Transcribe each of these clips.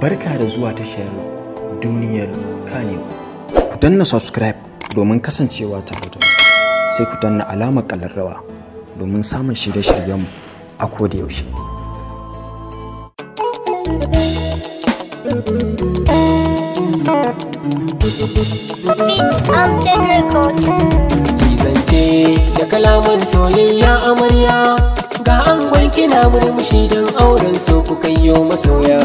barka da zuwa tashar duniyar kanewa ku danna subscribe domin kasancewa ta da sai ku danna alamar kalarrawa domin samun shirye-shiryenmu a kodayaushe Kizance da kalaman soyayya amarya ga angon na murmushi don auren so ku kayyo masoya.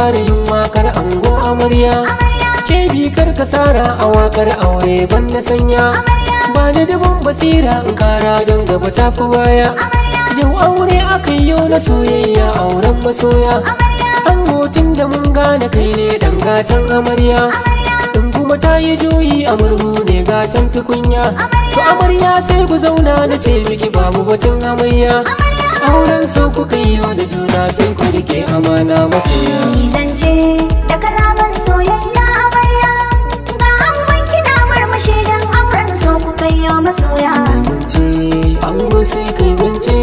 labarin makar ango amarya ke bi kar ka sara a wakar aure ban na sanya ba ni da daban basira in kara don gaba ta fi baya yau aure aka yi na soyayya auren masoya an hotun da mun gane kai ne dan gatan amarya in kuma ta yi juyi a murhu ne gatan tukunya to amarya sai ku zauna na ce miki babu batun amarya auren so kuka yi da juna sai ku rike amana masoya zance da kalamar soyayya a amarya ga an wanki na murmushi dan auren so kuka yi masoya zance an sai kai zance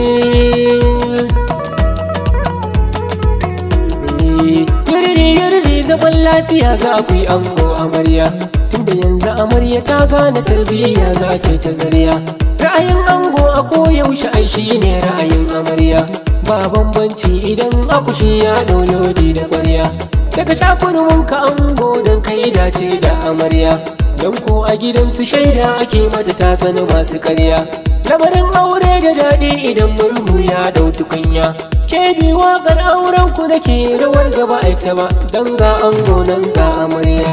yariri yariri zaman lafiya za ku yi ango amarya tunda yanzu amarya ta gane tarbiyya za ta ta zariya ra'ayin ango a yaushe ai shi ne ra'ayin amarya ba bambanci idan akushi ya lodi da kwarya daga shafin ka ango don kai dace da amarya Dan ko a gidan su shaida ake mata ta sani masu karya lamarin aure da daɗi idan murhu ya dau tukunya ke bi waƙar auren ku da ke rawar gaba ita ba don ga ango nan ga amarya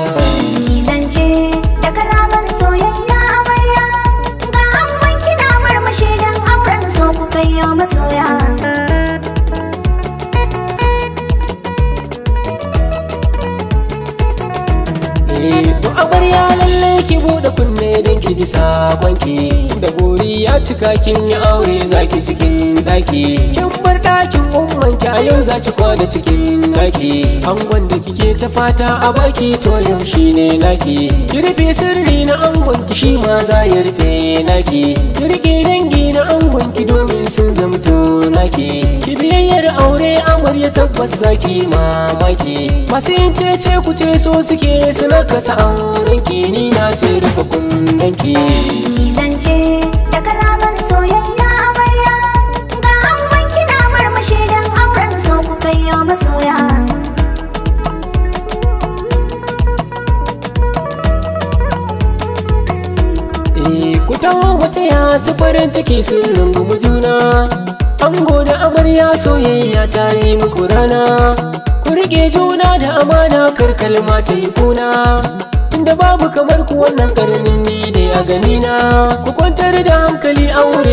zance To ya lalle ki buɗe kunne don ki ji ki Da gori ya cika kin yi aure zaki cikin ɗaki Kin bar ɗakin ki. a yau zaki kwada cikin ɗaki Angon da kike ta fata a baki to yau shi ne naki sirri na angon ki shi ma za ya rufe naki Kirki dangi na angon ki nake ki biyayyar aure amarya tabbas zaki mamaki masu yin cece ku ce so suke su kasa auren ki ni na ce rufe kunnen ki zance da kalaman soyayya amarya ga amman kina murmushi don auren so ku kayyo masoya eh, ku taho wata su farin ciki sun rungumu juna Ango da amarya soyayya ta yi muku rana Ku rike juna da amana kar kalma ta yi kuna Inda babu kamar ku wannan karnin ni ne a na Ku kwantar da hankali aure